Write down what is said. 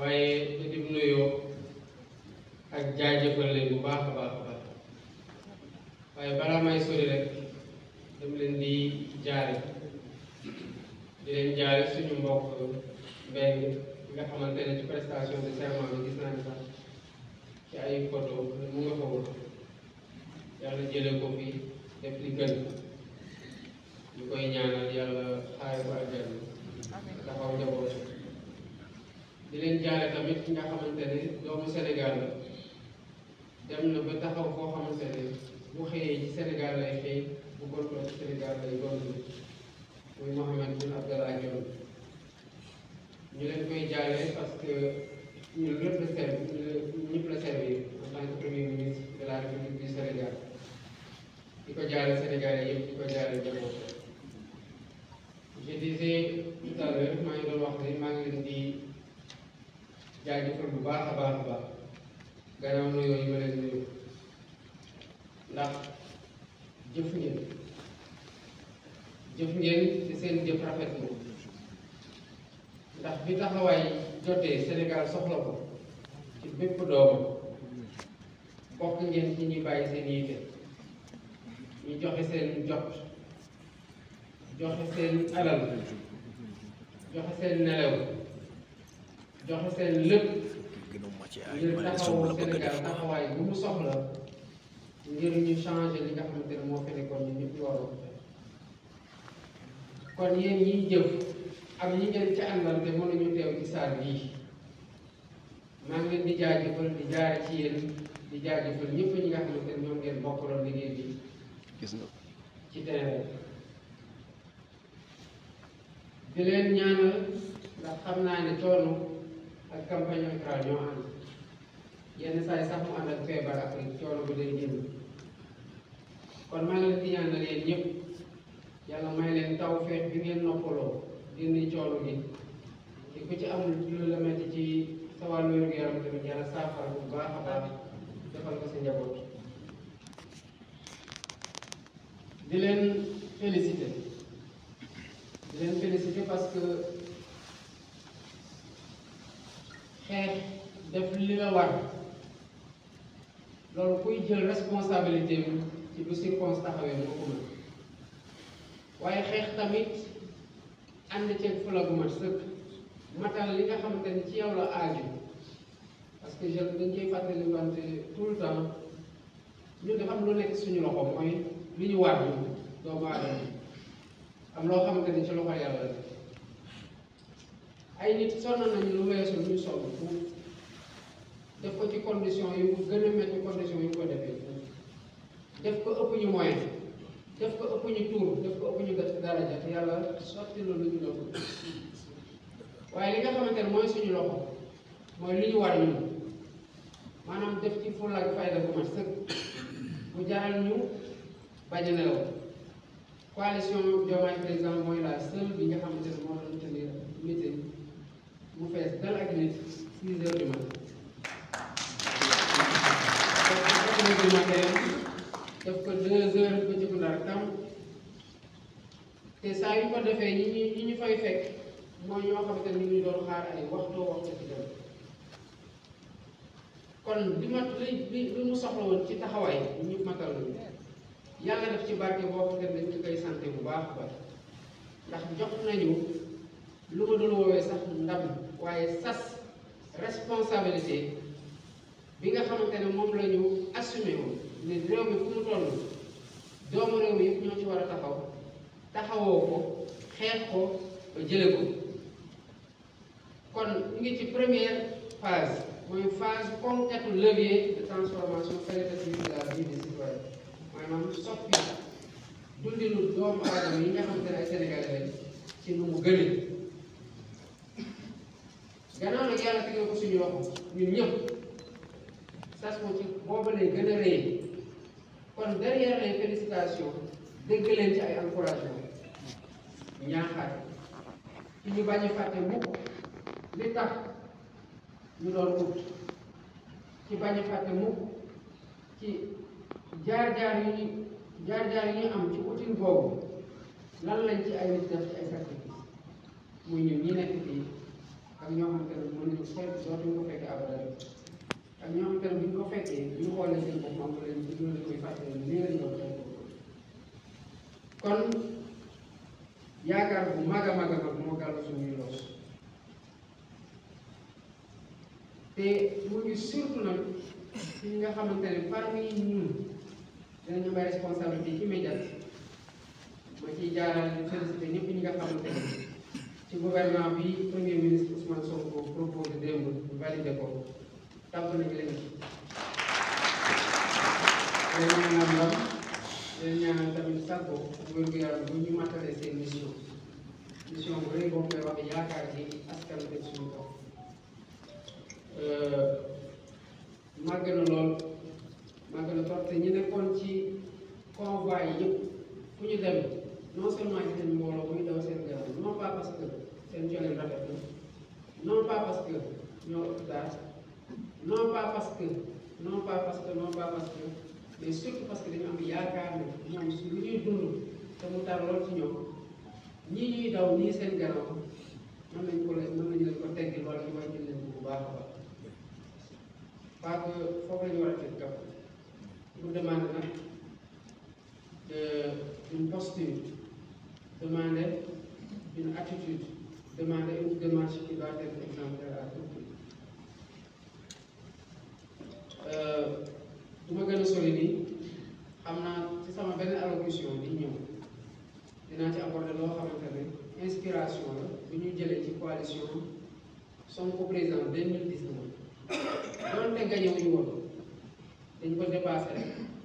waaye di nuyoo ak jaajëfal leen bu baax a baax a baax waaye balaa may sori rek dama leen di jaare di leen jaare suñu mbokk nga xamante ne ci prestation de serment bi gis naa xamante doomu Sénégal la dem na ba taxaw koo xamante bu xëyee ci Sénégal lay xëy bu gontoo ci Sénégal lay gontu muy Mohamed bin Abdallah Dionne ñu leen koy jaale parce que ñu ñëpp la servi ñu ñëpp la servir en tant que premier ministre de la République du Sénégal di ko jaale Sénégalais yëpp di ko jaale jamono je disais tout à l'heure maa ngi doon wax ne maa ngi leen di jaajëfal bu baax a baax a baax gannaaw na yooyu ma leen nuyu ndax jëf ngeen jëf ngeen te seen jëf rafet na ndax bi taxawaay jotee Sénégal soxla ko ci bépp doomam bokk ngeen ci ñuy bàyyi seen yitte ñu joxe seen jot joxe seen alal joxe seen nelew jox ko seen lépp ngir taxawu Sénégal taxawaay bu mu soxla ngir ñu changer li nga xamante ne moo fi nekkoon ñu ñëpp loolu kon yéen ñiy jëf ak ñi ngeen ci àndal te mënuñu teew ci saar bii maa ngi leen di jaajëfal di jaare ci yéen di jaajëfal ñëpp ñi nga xamante ne ñoom ngeen bokkaloon liggéey bi gis nga ci terrain di leen ñaanal ndax xam naa ne coono at campagne électorale ñoo ànd yenn saa yi sax mu ànd ak feebar ak coono bi day jëm kon maa may leen taw feex bi ngeen noppaloo dindi coono gi sa yung gira niya sa Dilen felicite xeex def li la war loolu kuy jël responsabilité ci bu circonstance taxawee moo ko mën waaye xeex tamit ànd ceeg fula bu mat sëkk matal li nga xamante ni ci yow la aaju parce que jeune dañ koy fàttaliwante tout le temps ñu dafa am lu nekk suñu loxo mooy li ñu war ñu doomu aadama am loo xamante ni ci loxo yàlla la ay nit sonn nañu lu weesu ñu sonn foofu def ko ci condition yu gën a métti condition yu ko defee def ko ëpp ñu moyen def ko ëpp ñu tuur def ko ëpp ñu daraja te yàlla sotti loolu ñu doon waaye li nga xamante ne mooy suñu loxo mooy li ñu war ñun maanaam def ci fulla ak fayda bu mat sëkk bu jaral ñu bañ a nelaw coalition Diomaye Président mooy la seule bi nga xamante ne moo doon tenir meeting bu fees dal ak nit six heures du matin six heures du matin def ko deux heures ba ci ndar tam te saa yu ko defee ñi ñu ñi ñu fay fekk mooy ñoo xam te ni ñu doon xaar ay waxtoo waxtu ci dem kon li ma li li li mu soxla woon ci taxawaay ñu matal nañu yàlla def ci barke boo xam ne dañ ci koy sante bu baax ba ndax jox nañu lu ma doon woowee sax ndam waaye sas responsabilidade, bi nga xamante ne moom la ñu assumé o ne réew mi fu mu toll doomu o mi yëpp ñoo o war a taxaw o, ko xeex ko ba jële ko kon ñu ngi ci première phase mooy phase conquête levier de transformation qualitative de la vie des citoyens maanaam soppi dundinu doomu aadama yi nga xamante ne ay Sénégalais ci nu mu teg na ko suñu loxo ñun ñëpp sas ko ci booba lay gën a rëy kon derrière les félicitations dégg leen ci ay encouragement ñaaxaat ci ñu bañ a fàtte mukk li tax ñu doon wut ci bañ a mukk ci jaar-jaar yu ñu jaar-jaar yu ñu am ci utin boobu lan lañ ci ay nit ci ay sacrifice muy ñun ñi nekk fii ak ñoo xamante ne mën nañu soo sootuñ bu ñu ko fekkee bu ñu xoolee seen bopp moom leen suñuy loos te mu ngi surtout nag ci nga xamante ne parmi ñun dinañu may responsabilité ci médias ma ciy jaaral félicité ñëpp ñi nga xamante ci gouvernement bi premier ministre Ousmane Sonko proposé démb ñu validé ko tàpp nañ leen ci. day ñaanal ndam day ñaanal tamit sàkko wér gu yaram bu ñu matale seen mission mission bu rëy boo koy wax yaakaar ci askan bi suñu bopp. Euh, màgg na lool màgg na trop te ñu nekkoon ci convois yi yëpp fu ñu dem. non seulement ci seen mbooloo muy daw seen garab non pas parce que seen colin rafet na non pas parce que ñoo ëpp daal non pas parce que non pas parce que non pas parce que mais surtout parce que dañu am yaakaar ne ñoom su lu ñuy dund te mu dara lool ci ñoom ñii ñuy daw nii seen garab mën nañ ko leen mën nañu leen ko teggi lool ñu wàññi leen bu baax a baax parce que foofu la ñu war a teg kap pour demander une attitude, demander une démarche qui doit être exemplaire à tout prix. Euh, du ma gën a sori nii xam naa ci sama benn allocution di ñëw dinaa ci apporter loo xamante ne inspiration la bu ñu jëlee ci coalition Sonko président 2019 doonte gañewuñu woon dañ ko dépassé rek